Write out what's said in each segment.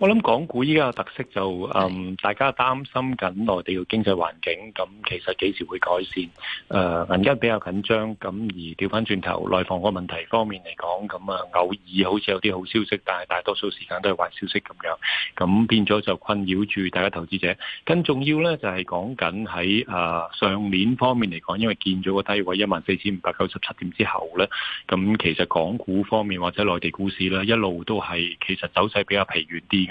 我諗港股依家嘅特色就，嗯，大家擔心緊內地嘅經濟環境，咁其實幾時會改善？誒、呃，銀根比較緊張，咁而調翻轉頭內房嗰個問題方面嚟講，咁啊偶爾好似有啲好消息，但係大多數時間都係壞消息咁樣，咁變咗就困擾住大家投資者。更重要咧就係講緊喺誒上年方面嚟講，因為見咗個低位一萬四千五百九十七點之後咧，咁其實港股方面或者內地股市咧一路都係其實走勢比較疲軟啲。咁樣，咁 誒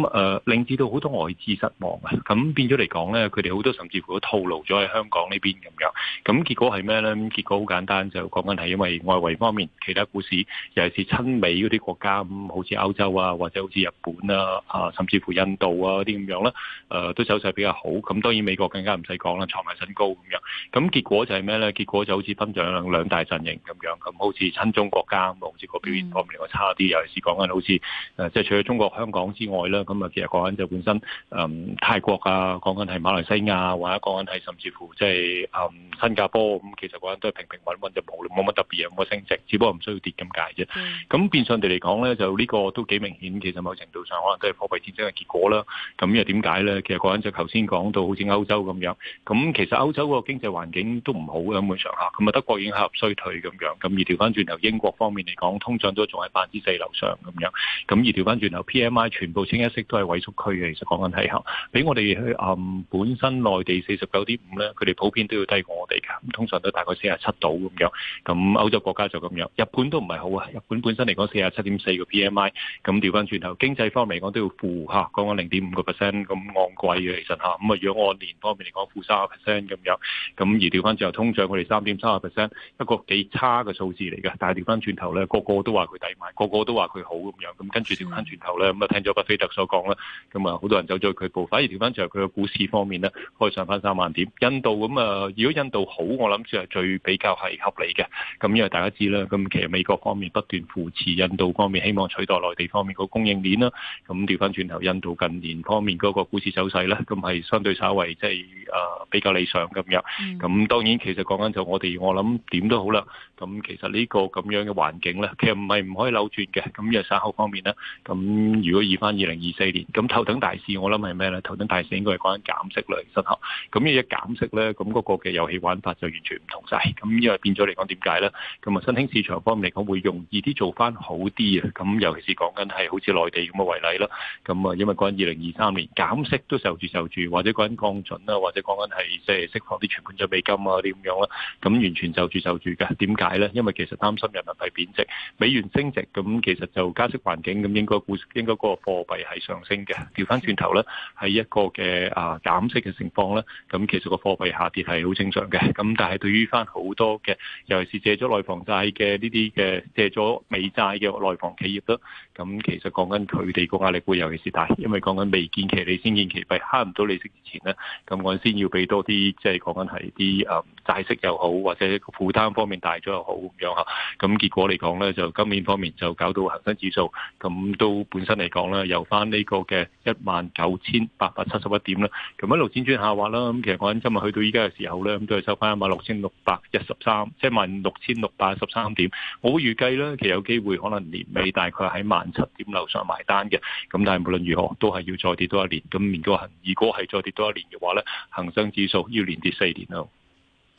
樂、嗯，令至到好多外資失望啊！咁變咗嚟講咧，佢哋好多甚至乎都透露咗喺香港呢邊咁樣，咁結果係咩咧？結果好簡單，就講緊係因為外圍方面其他股市，尤其是親美嗰啲國家，咁好似歐洲啊，或者好似日本啊，啊，甚至乎印度啊嗰啲咁樣啦，誒、呃，都走勢比較好。咁當然美國更加唔使講啦，創埋新高咁樣。咁結果就係咩咧？結果就好似分咗兩大陣營咁樣，咁好似親中國家咁，好似個表現方面又差啲，尤其是講緊好似誒、呃，即係除咗中國香港之外啦，咁啊，其實講緊就本身，嗯，泰國啊，講緊係馬來西亞，或者講緊係甚至乎即係嗯新加坡，咁其實講緊都係平平穩穩，就冇冇乜特別，冇乜升值，只不過唔需要跌咁解啫。咁變相地嚟講咧，就呢個都幾明顯，其實某程度上可能都係貨幣戰爭嘅結果啦。咁又點解咧？其實講緊就頭先講到好似歐洲咁樣，咁其實歐洲個經濟環境都唔好嘅咁嘅場合，咁啊德國已經陷入衰退咁樣，咁而調翻轉頭英國方面嚟講，通脹都仲喺百分之四樓上咁樣，咁而調翻轉頭 PM 全部清一色都係萎縮區嘅，其實講緊係嚇。比我哋去誒本身內地四十九點五咧，佢哋普遍都要低過我哋嘅，咁通常都大概四十七度咁樣。咁歐洲國家就咁樣，日本都唔係好啊。日本本身嚟講四十七點四個 PMI，咁調翻轉頭經濟方面嚟講都要負嚇，講緊零點五個 percent 咁昂貴嘅其實嚇。咁啊，如果按年方面嚟講負三十 percent 咁樣，咁而調翻轉頭通脹，我哋三點三十 percent 一個幾差嘅數字嚟嘅。但係調翻轉頭咧，個個都話佢抵買，個個都話佢好咁樣，咁跟住調翻轉頭咧。聽咗巴菲特所講啦，咁啊好多人走咗去佢步，反而調翻就係佢個股市方面咧，可以上翻三萬點。印度咁啊，如果印度好，我諗算係最比較係合理嘅。咁因為大家知啦，咁其實美國方面不斷扶持印度方面，希望取代內地方面個供應鏈啦。咁調翻轉頭，印度近年方面嗰個股市走勢咧，咁係相對稍為即係啊比較理想咁樣。咁、嗯、當然其實講緊就我哋，我諗點都好啦。咁其實呢個咁樣嘅環境咧，其實唔係唔可以扭轉嘅。咁因為出口方面啦，咁如果以翻二零二四年，咁頭等大事我諗係咩呢？頭等大事應該係講緊減息啦，其實，咁而一減息呢，咁嗰個嘅遊戲玩法就完全唔同晒。咁因為變咗嚟講，點解呢？咁啊，新興市場方面嚟講，會容易啲做翻好啲嘅。咁尤其是講緊係好似內地咁嘅為例啦。咁啊，因為講緊二零二三年減息都受住受住，或者講緊降準啦，或者講緊係即係釋放啲存款準備金啊啲咁樣啦。咁完全受住受住嘅。點解呢？因為其實擔心人民幣貶值，美元升值，咁其實就加息環境，咁應該會應該。嗰個貨幣係上升嘅，調翻轉頭咧係一個嘅啊減息嘅情況咧，咁其實個貨幣下跌係好正常嘅，咁但係對於翻好多嘅，尤其是借咗內房債嘅呢啲嘅借咗美債嘅內房企業咧，咁其實講緊佢哋個壓力會尤其是大，因為講緊未見其利先見其弊，慳唔到利息之前呢，咁我先要俾多啲，即係講緊係啲啊債息又好，或者負擔方面大咗又好咁樣嚇，咁結果嚟講咧就今年方面就搞到恒生指數咁都本身。嚟講咧，由翻呢個嘅一萬九千八百七十一點啦，咁一路輾轉下滑啦。咁其實我諗今日去到依家嘅時候咧，咁都係收翻一萬六千六百一十三，即係萬六千六百十三點。我預計咧，其實有機會可能年尾大概喺萬七點樓上埋單嘅。咁但係無論如何，都係要再跌多一年。咁如果行，如果係再跌多一年嘅話咧，恒生指數要連跌四年啦。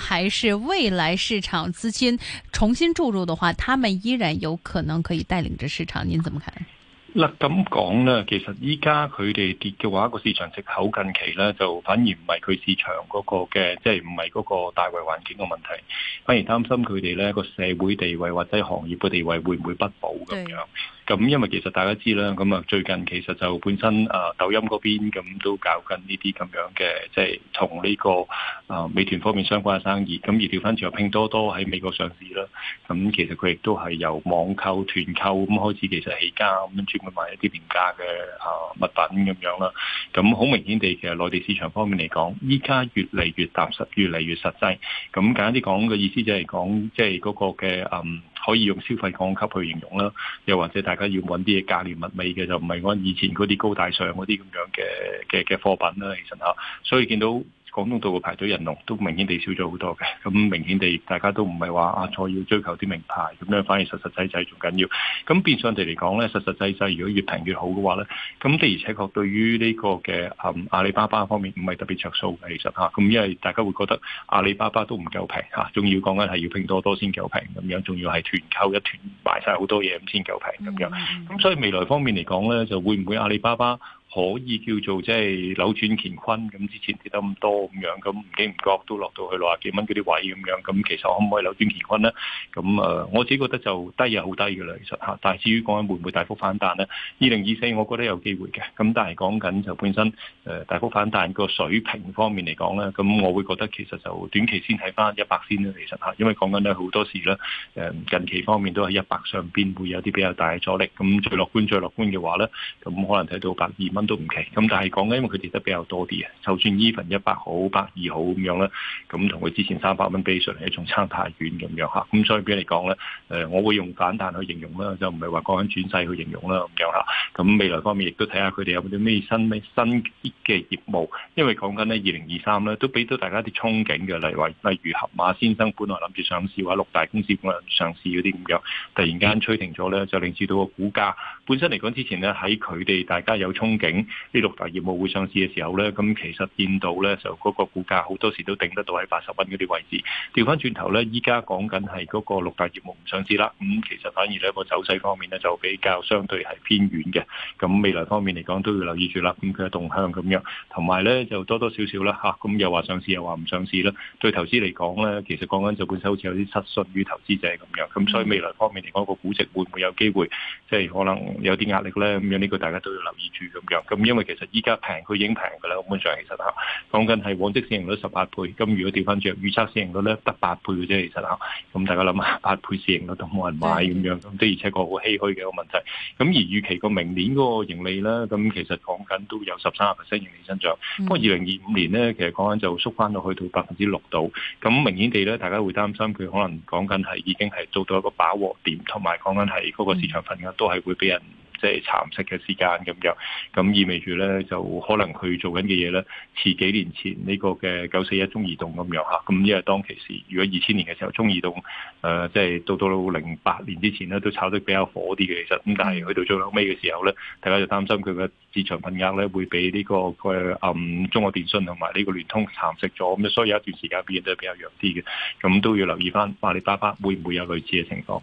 還是未來市場資金重新注入的話，他們依然有可能可以帶領着市場，您怎麼看？嗱咁講呢，其實依家佢哋跌嘅話，個市場直口近期呢，就反而唔係佢市場嗰、嗰個嘅，即係唔係嗰個大圍環境嘅問題，反而擔心佢哋呢個社會地位或者行業嘅地位會唔會不保咁樣。咁因為其實大家知啦，咁啊最近其實就本身啊抖音嗰邊咁都搞緊呢啲咁樣嘅，即係同呢個啊美團方面相關嘅生意。咁而調翻轉，拼多多喺美國上市啦。咁其實佢亦都係由網購團購咁開始，其實起家咁專門賣一啲廉價嘅啊物品咁樣啦。咁好明顯地，其實內地市場方面嚟講，依家越嚟越踏實，越嚟越實際。咁簡單啲講嘅意思就係講，即係嗰個嘅嗯可以用消費降級去形容啦，又或者大。要揾啲嘢價廉物美嘅，就唔係按以前嗰啲高大上嗰啲咁樣嘅嘅嘅貨品啦，其實嚇，所以見到，廣東道嘅排隊人龍都明顯地少咗好多嘅，咁明顯地大家都唔係話啊再要追求啲名牌咁樣，反而實實際際仲緊要。咁變相地嚟講咧，實實際際如果越平越好嘅話咧，咁的而且確對於呢個嘅、嗯、阿里巴巴方面唔係特別着數嘅，其實嚇。咁、啊、因為大家會覺得阿里巴巴都唔夠平嚇，仲、啊、要講緊係要拼多多先夠平咁樣，仲要係團購一團買晒好多嘢咁先夠平咁樣。咁所以未來方面嚟講咧，就會唔會阿里巴巴？可以叫做即係扭轉乾坤咁，之前跌得咁多咁樣，咁唔經唔覺都落到去六十幾蚊嗰啲位咁樣，咁其實可唔可以扭轉乾坤呢？咁誒，我自己覺得就低又好低嘅啦，其實嚇。但係至於講緊會唔會大幅反彈呢？二零二四我覺得有機會嘅，咁但係講緊就本身大幅反彈個水平方面嚟講呢，咁我會覺得其實就短期先睇翻一百先啦，其實嚇，因為講緊咧好多時咧近期方面都係一百上邊會有啲比較大嘅阻力。咁最樂觀最樂觀嘅話呢，咁可能睇到百二蚊。都唔奇，咁但係講緊，因為佢跌得比較多啲啊。就算 even 一百好、百二好咁樣啦，咁同佢之前三百蚊比上嚟，仲差太遠咁樣吓。咁所以俾你講咧，誒，我會用反彈去形容啦，就唔係話講緊轉勢去形容啦咁樣吓。咁未來方面亦都睇下佢哋有冇啲咩新咩新嘅業務，因為講緊呢二零二三咧都俾到大家啲憧憬嘅，例如例如盒馬先生本來諗住上市嘅，或者六大公司本來上市嗰啲咁樣，突然間吹停咗咧，就令至到個股價本身嚟講之前咧喺佢哋大家有憧憬。呢六大業務會上市嘅時候呢，咁其實見到呢，就、那、嗰個股價好多時都頂得到喺八十蚊嗰啲位置。調翻轉頭呢，依家講緊係嗰個六大業務唔上市啦。咁、嗯、其實反而呢個走勢方面呢，就比較相對係偏軟嘅。咁未來方面嚟講都要留意住啦。咁佢嘅動向咁樣，同埋呢就多多少少啦嚇。咁、啊、又話上市又話唔上市啦。對投資嚟講呢，其實講緊就本身好似有啲失信於投資者咁樣。咁所以未來方面嚟講，個估值會唔會有機會即係、就是、可能有啲壓力呢。咁樣呢個大家都要留意住咁樣。咁因為其實依家平，佢已經平噶啦。基本上其實嚇，講緊係往績市盈率十八倍，咁如果調翻轉，預測市盈率咧得八倍嘅啫。其實嚇，咁大家諗下，八倍市盈率都冇人買咁樣，咁的而且確好唏噓嘅一個問題。咁而預期個明年嗰個盈利咧，咁其實講緊都有十三個 percent 盈利增長。嗯、不過二零二五年咧，其實講緊就縮翻到去到百分之六度。咁明顯地咧，大家會擔心佢可能講緊係已經係做到一個飽和點，同埋講緊係嗰個市場份額都係會俾人。即係蠶食嘅時間咁樣，咁意味住咧就可能佢做緊嘅嘢咧，似幾年前呢、這個嘅九四一中移動咁樣嚇，咁因為當其時如果二千年嘅時候中移動，誒即係到到到零八年之前咧都炒得比較火啲嘅，其實咁但係去到最後尾嘅時候咧，大家就擔心佢嘅市場份額咧會比呢、這個嘅誒、嗯、中國電信同埋呢個聯通蠶食咗，咁所以有一段時間表現都比較弱啲嘅，咁都要留意翻阿里巴巴會唔會有類似嘅情況。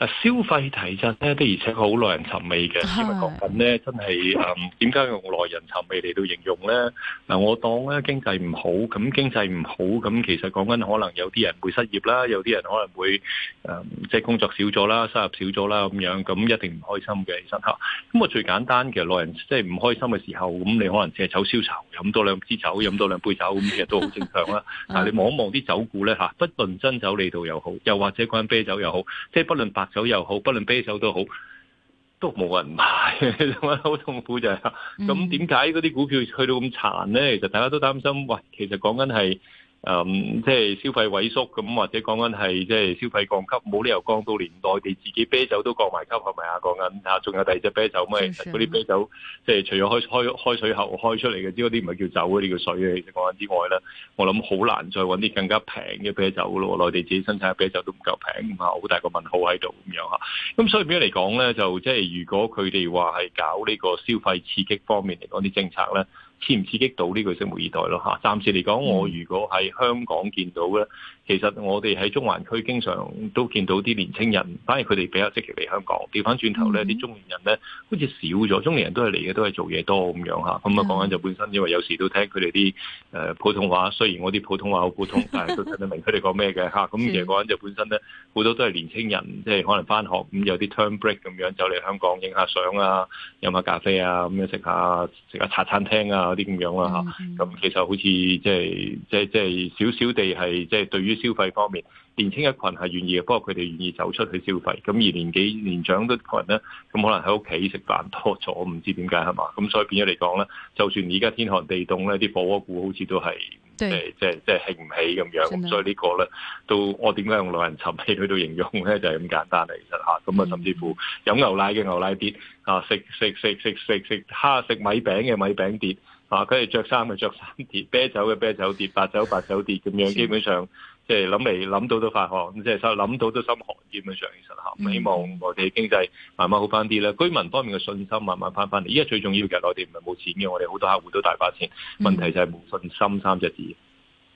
消費體質呢，的而且好耐人尋味嘅，因為講緊呢，真係，嗯，點解用耐人尋味嚟到形容呢？嗱，我當咧經濟唔好，咁經濟唔好，咁其實講緊可能有啲人會失業啦，有啲人可能會，嗯、即係工作少咗啦，收入少咗啦，咁樣，咁一定唔開心嘅身口。咁、嗯、我最簡單，嘅，耐人即係唔開心嘅時候，咁你可能凈係借酒消愁，飲多兩支酒，飲多兩杯酒，咁其實都好正常啦。 但你望一望啲酒股呢，嚇，不論真酒嚟到又好，又或者講緊啤酒又好，即係不論白。白、嗯、手又好，不論啤手都好，都冇人買，好 痛苦就係。咁點解嗰啲股票去到咁殘咧？其實大家都擔心，喂，其實講緊係。嗯，即係消費萎縮咁，或者講緊係即係消費降級，冇理由降到連內地自己啤酒都降埋級係咪啊？講緊啊，仲有第二隻啤酒咪嗰啲啤酒，即係除咗開,開,開水喉開出嚟嘅，即嗰啲唔係叫酒，呢叫水啊！講緊之外咧，我諗好難再搵啲更加平嘅啤酒咯。內地自己生產嘅啤酒都唔夠平，唔係好大個問號喺度咁樣咁所以咁樣嚟講咧，就即係如果佢哋話係搞呢個消費刺激方面嚟講啲政策咧。刺唔刺激到呢個拭目以待咯嚇。暫時嚟講，我如果喺香港見到咧、嗯，其實我哋喺中環區經常都見到啲年青人，反而佢哋比較積極嚟香港。調翻轉頭咧，啲中年人咧好似少咗，中年人都係嚟嘅，都係做嘢多咁樣嚇。咁啊講緊就本身，因為有時都聽佢哋啲誒普通話，雖然我啲普通話好普通，但係都聽得明佢哋講咩嘅嚇。咁嘢講緊就本身咧，好多都係年青人，即係可能返學咁有啲 term break 咁樣走嚟香港影下相啊，飲下咖啡啊，咁樣食下食下茶餐廳啊。啲咁樣啦嚇，咁其實好似即係即係即係少少地係即係對於消費方面，年輕一羣係願意嘅，不過佢哋願意走出去消費。咁而年紀、嗯、年長一羣咧，咁可能喺屋企食飯多咗，我唔知點解係嘛。咁所以變咗嚟講咧，就算而家天寒地凍咧，啲火鍋股好似都係即係即係即係興唔起咁樣。咁所以個呢個咧，都我點解用老人沉氣去到形容咧，就係、是、咁簡單嚟嘅嚇。咁啊、嗯嗯，甚至乎飲牛奶嘅牛奶跌啊，食食食食食食蝦食米餅嘅米餅跌。啊！佢哋着衫咪着衫跌，啤酒嘅啤酒跌，白酒就白酒跌咁樣，基本上是即係諗嚟諗到都發汗，即係想諗到都心寒，基本上其實吓。希望我哋經濟慢慢好翻啲啦，居民方面嘅信心慢慢翻翻嚟。依家最重要嘅，我哋唔係冇錢嘅，我哋好多客戶都大把錢，問題就係冇信心三隻字。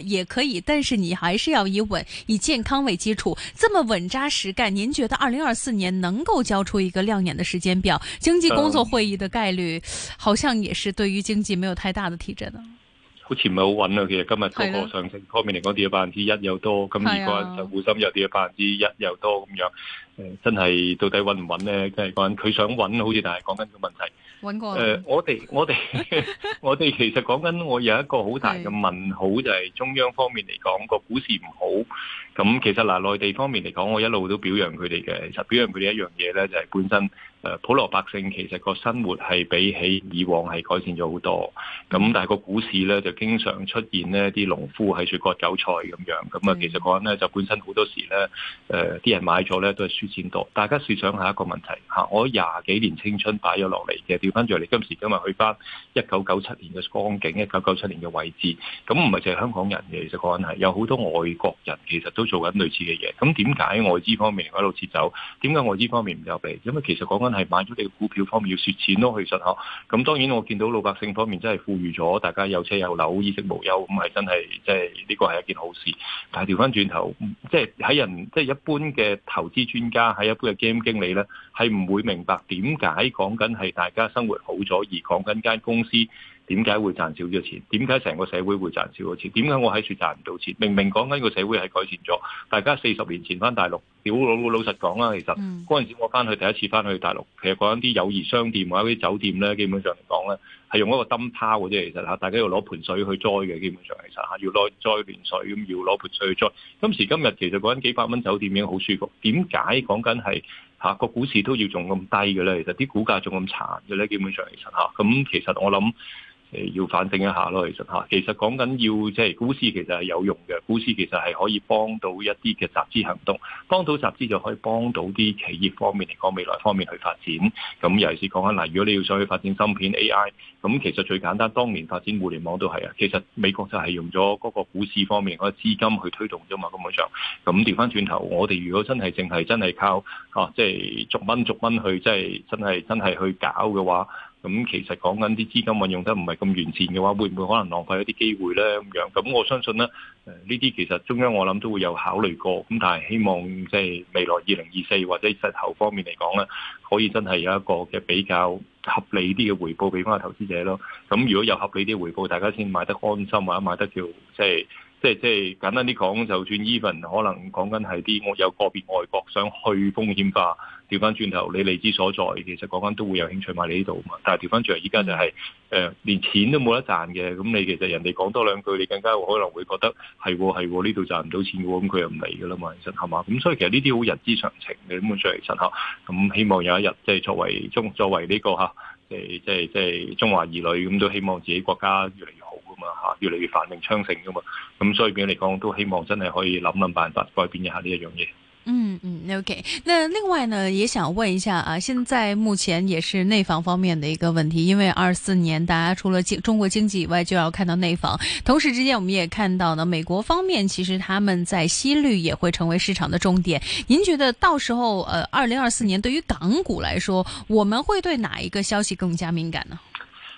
也可以，但是你還是要以穩、以健康為基礎，這麼穩紮實幹。您覺得二零二四年能夠交出一個亮眼的時間表？經濟工作會議的概率，好像也是對於經濟沒有太大的提振啊。好似唔係好穩啊，其實今日多個，個上證方面嚟講跌咗百分之一又多，咁而個人就滬深又跌咗百分之一又多咁樣。呃、真係到底穩唔穩呢？真係講佢想穩，好似但係講緊個問題。呃、我哋我哋 我哋其實講緊，我有一個好大嘅問號，就係、是、中央方面嚟講個股市唔好。咁其實嗱、呃，內地方面嚟講，我一路都表揚佢哋嘅，其實表揚佢哋一樣嘢咧，就係、是、本身。普羅百姓其實個生活係比起以往係改善咗好多，咁但係個股市呢，就經常出現呢啲農夫喺處割韭菜咁樣，咁啊其實講緊呢，就本身好多時呢，誒啲人買咗呢都係輸錢多。大家試想下一個問題吓，我廿幾年青春擺咗落嚟嘅，調翻轉嚟，今時今日去翻一九九七年嘅光景，一九九七年嘅位置，咁唔係淨係香港人嘅，其實講緊係有好多外國人其實都做緊類似嘅嘢，咁點解外資方面一路撤走？點解外資方面唔入嚟？因為其實講緊真係買咗你嘅股票方面要蝕錢咯，其實咁當然我見到老百姓方面真係富裕咗，大家有車有樓，衣食無憂，咁係真係即係呢個係一件好事。但係調翻轉頭，即係喺人即係一般嘅投資專家，喺一般嘅基金經理呢，係唔會明白點解講緊係大家生活好咗，而講緊間公司。點解會賺少咗錢？點解成個社會會賺少咗錢？點解我喺處賺唔到錢？明明講緊個社會係改善咗，大家四十年前翻大陸，表老老，老實講啦，其實嗰陣、mm. 時我翻去第一次翻去大陸，其實講緊啲友誼商店或者啲酒店咧，基本上嚟講咧，係用一個燈泡嘅啫，其實嚇，大家要攞盆水去栽嘅，基本上其實嚇，要攞栽亂水咁，要攞盆水去栽。今時今日其實講緊幾百蚊酒店已經好舒服，點解講緊係嚇個股市都要仲咁低嘅咧？其實啲股價仲咁殘嘅咧？基本上其實嚇，咁、啊、其實我諗。誒要反省一下咯，其實嚇，其實講緊要即係股市，其實係有用嘅，股市其實係可以幫到一啲嘅集資行動，幫到集資就可以幫到啲企業方面嚟講未來方面去發展。咁尤其是講緊，嗱，如果你要想去發展芯片、AI，咁其實最簡單，當年發展互聯網都係啊，其實美國就係用咗嗰個股市方面嗰個資金去推動啫嘛，根本上。咁調翻轉頭，我哋如果真係淨係真係靠啊，即係逐蚊逐蚊去，即係真係真係去搞嘅話。咁其實講緊啲資金運用得唔係咁完善嘅話，會唔會可能浪費一啲機會呢？咁樣。咁我相信呢，呢啲其實中央我諗都會有考慮過，咁但係希望即係未來二零二四或者實投方面嚟講呢，可以真係有一個嘅比較合理啲嘅回報俾翻投資者咯。咁如果有合理啲回報，大家先買得安心或者買得叫即係。即係即係簡單啲講，就算 even 可能講緊係啲我有個別外國想去風險化，調翻轉頭，你利之所在，其實講緊都會有興趣買你呢度嘛。但係調翻轉頭依家就係、是、誒、呃、連錢都冇得賺嘅，咁你其實人哋講多兩句，你更加可能會覺得係喎係喎，呢度賺唔到錢喎，咁佢又唔嚟噶啦嘛。其實係嘛，咁所以其實呢啲好人之常情嘅，根本上嚟講嚇，咁希望有一日即係作為中作為呢、呢個即係即係即係中華兒女咁，都希望自己國家越嚟越。啊、越嚟越繁榮昌盛噶嘛，咁、嗯、所以點嚟講都希望真係可以諗諗辦法改變一下呢一樣嘢。嗯嗯，OK。那另外呢，也想問一下啊，現在目前也是內房方面的一個問題，因為二四年大家除了中國經濟以外，就要看到內房。同時之間，我們也看到呢，美國方面其實他們在息率也會成為市場的重點。您覺得到時候，呃，二零二四年對於港股來說，我們會對哪一個消息更加敏感呢？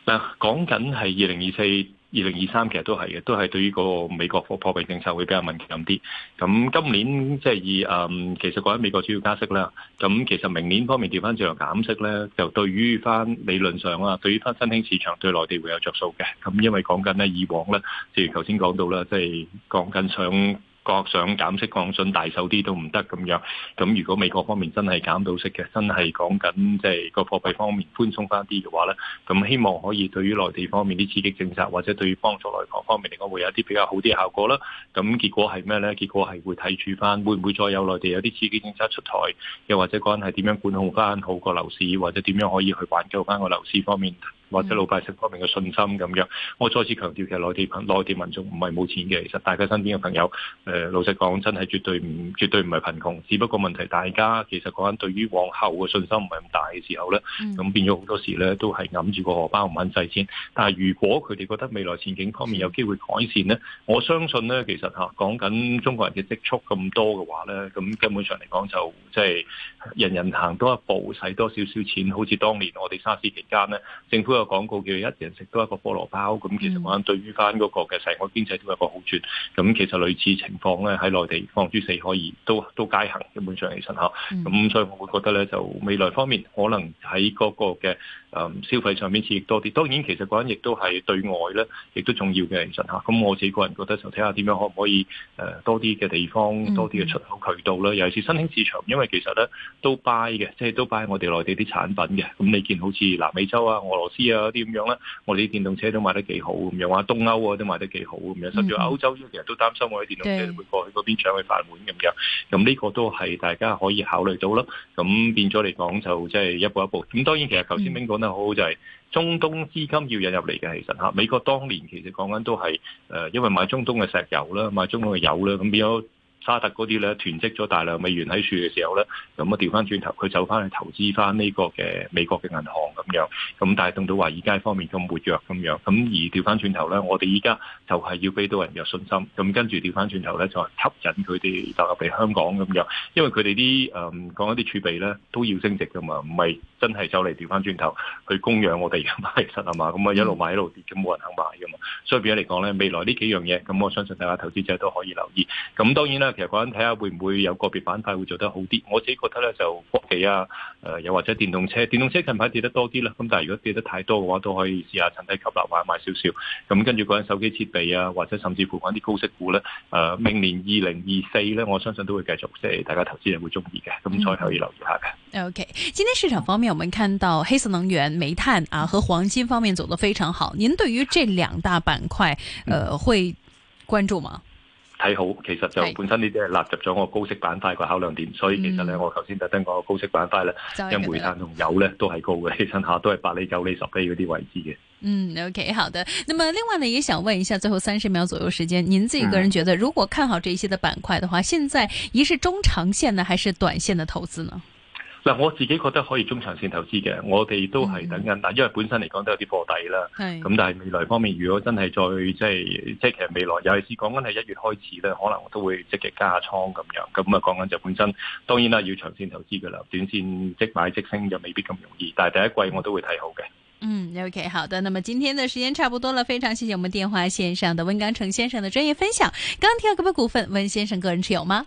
嗱、啊，講緊係二零二四。二零二三其實都係嘅，都係對於個美國貨貨幣政策會比較敏感啲。咁今年即係以誒，其實講緊美國主要加息啦。咁其實明年方面調翻轉頭減息咧，就對於翻理論上啊，對於翻新興市場對內地會有着數嘅。咁因為講緊咧，以往咧，即如頭先講到啦，即係講緊想。我想減息降準、大手啲都唔得咁樣，咁如果美國方面真係減到息嘅，真係講緊即係個貨幣方面寬鬆翻啲嘅話呢，咁希望可以對於內地方面啲刺激政策或者對於幫助內地方面嚟講會有啲比較好啲嘅效果啦。咁結果係咩呢？結果係會睇住翻，會唔會再有內地有啲刺激政策出台，又或者講係點樣管控翻好個樓市，或者點樣可以去挽救翻個樓市方面。或者老百姓方面嘅信心咁樣，我再次強調，其實內地內地民眾唔係冇錢嘅，其實大家身邊嘅朋友，呃、老實講，真係絕對唔絕對唔係貧窮，只不過問題大家其實講緊對於往後嘅信心唔係咁大嘅時候咧，咁、嗯、變咗好多時咧都係揞住個荷包唔肯使錢。但係如果佢哋覺得未來前景方面有機會改善咧，我相信咧其實吓講緊中國人嘅積蓄咁多嘅話咧，咁根本上嚟講就即係、就是、人人行多一步，使多少少錢，好似當年我哋沙士期間咧，政府。一個廣告叫一人食多一個菠蘿包，咁其實話對於翻嗰個嘅成個經濟都有一個好處。咁其實類似情況咧喺內地，放諸四海可以都都皆行，基本上其實嚇。咁 所以我會覺得咧，就未來方面可能喺嗰個嘅。嗯、消費上面刺激多啲，當然其實嗰陣亦都係對外咧，亦都重要嘅其實嚇。咁我自己個人覺得就睇下點樣可唔可以誒多啲嘅地方，多啲嘅出口渠道啦、嗯。尤其是新興市場，因為其實咧都 buy 嘅，即係都 buy 我哋內地啲產品嘅。咁你見好似南美洲啊、俄羅斯啊啲咁樣啦，我哋啲電動車都賣得幾好咁樣，話東歐啊都賣得幾好咁樣。甚至歐洲啲其實都擔心我啲電動車、嗯、會過去嗰邊搶佢飯碗咁樣。咁呢個都係大家可以考慮到啦。咁變咗嚟講就即係一步一步。咁當然其實頭先好就係、是、中東資金要引入嚟嘅，其實嚇美國當年其實講緊都係誒，因為買中東嘅石油啦，買中東嘅油啦，咁變咗沙特嗰啲咧囤積咗大量美元喺處嘅時候咧，咁啊調翻轉頭佢走翻去投資翻呢個嘅美國嘅銀行咁樣，咁帶動到華爾街方面咁活躍咁樣，咁而調翻轉頭咧，我哋依家就係要俾到人有信心，咁跟住調翻轉頭咧，就吸引佢哋流入嚟香港咁樣，因為佢哋啲誒講緊啲儲備咧都要升值噶嘛，唔係。 真係走嚟調翻轉頭去供養我哋嘅賣實啊，嘛、嗯？咁啊一路賣一路跌，咁冇人肯買㗎嘛？所以變咗嚟講咧，未來呢幾樣嘢咁，我相信大家投資者都可以留意。咁當然啦，其實講緊睇下會唔會有個別板塊會做得好啲。我自己覺得咧就國企啊，誒、呃、又或者電動車，電動車近排跌得多啲啦。咁但係如果跌得太多嘅話，都可以試下趁低吸納，買一買少少。咁跟住講緊手機設備啊，或者甚至乎講啲高息股咧，誒、呃、明年二零二四咧，我相信都會繼續，即係大家投資人會中意嘅，咁所以可以留意下嘅。嗯、o、okay. K. 今天市場方面。我們看到黑色能源、煤炭啊和黃金方面走得非常好。您對於這兩大板塊、嗯，呃，會關注嗎？睇好，其實就本身呢啲係納入咗我高息板塊個考量點，所以其實呢，我頭先特登講個高息板塊呢、嗯、因煤炭同油呢都係高嘅，支撐下都係八厘九厘十厘嗰啲位置嘅。嗯，OK，好的。那麼另外呢，也想問一下，最後三十秒左右時間，您自己個人覺得，嗯、如果看好這些的板塊的話，現在一是中長線呢，還是短線的投資呢？嗱，我自己覺得可以中長線投資嘅，我哋都係等緊。但、嗯、因為本身嚟講都有啲破底啦，咁但係未來方面，如果真係再即係即係其實未來，尤其是講緊係一月開始咧，可能我都會積極加倉咁樣。咁啊，講緊就本身當然啦，要長線投資嘅啦，短線即買即升又未必咁容易。但係第一季我都會睇好嘅。嗯，OK，好的。那麼今天嘅時間差不多了，非常謝謝我們電話線上的溫鋼城先生嘅專業分享。鋼鐵股份，溫先生個人持有嗎？